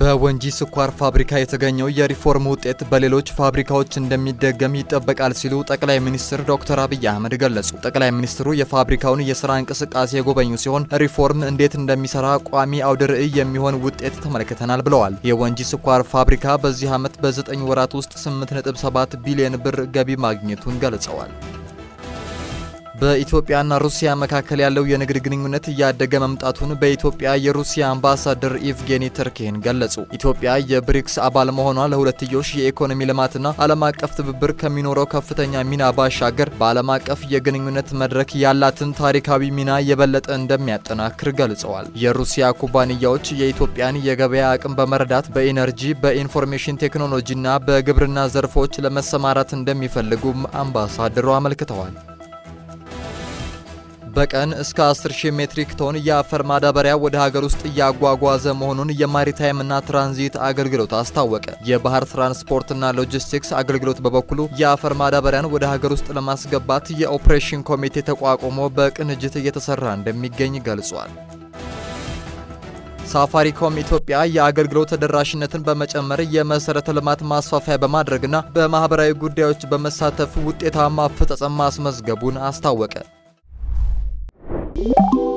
በወንጂ ስኳር ፋብሪካ የተገኘው የሪፎርም ውጤት በሌሎች ፋብሪካዎች እንደሚደገም ይጠበቃል ሲሉ ጠቅላይ ሚኒስትር ዶክተር አብይ አህመድ ገለጹ። ጠቅላይ ሚኒስትሩ የፋብሪካውን የስራ እንቅስቃሴ የጎበኙ ሲሆን ሪፎርም እንዴት እንደሚሰራ ቋሚ አውደ ርዕይ የሚሆን ውጤት ተመልክተናል ብለዋል። የወንጂ ስኳር ፋብሪካ በዚህ ዓመት በዘጠኝ ወራት ውስጥ 8.7 ቢሊዮን ብር ገቢ ማግኘቱን ገልጸዋል። በኢትዮጵያና ሩሲያ መካከል ያለው የንግድ ግንኙነት እያደገ መምጣቱን በኢትዮጵያ የሩሲያ አምባሳደር ኢቭጌኒ ተርኬን ገለጹ። ኢትዮጵያ የብሪክስ አባል መሆኗ ለሁለትዮሽ የኢኮኖሚ ልማትና ዓለም አቀፍ ትብብር ከሚኖረው ከፍተኛ ሚና ባሻገር በዓለም አቀፍ የግንኙነት መድረክ ያላትን ታሪካዊ ሚና የበለጠ እንደሚያጠናክር ገልጸዋል። የሩሲያ ኩባንያዎች የኢትዮጵያን የገበያ አቅም በመረዳት በኢነርጂ፣ በኢንፎርሜሽን ቴክኖሎጂና በግብርና ዘርፎች ለመሰማራት እንደሚፈልጉም አምባሳደሩ አመልክተዋል። በቀን እስከ 10000 ሜትሪክ ቶን የአፈር ማዳበሪያ ወደ ሀገር ውስጥ እያጓጓዘ መሆኑን የማሪታይምና ትራንዚት አገልግሎት አስታወቀ። የባህር ትራንስፖርትና ሎጂስቲክስ አገልግሎት በበኩሉ የአፈር ማዳበሪያን ወደ ሀገር ውስጥ ለማስገባት የኦፕሬሽን ኮሚቴ ተቋቁሞ በቅንጅት እየተሰራ እንደሚገኝ ገልጿል። ሳፋሪኮም ኢትዮጵያ የአገልግሎት ተደራሽነትን በመጨመር የመሰረተ ልማት ማስፋፊያ በማድረግና በማህበራዊ ጉዳዮች በመሳተፍ ውጤታማ አፈጻጸም ማስመዝገቡን አስታወቀ። Bye.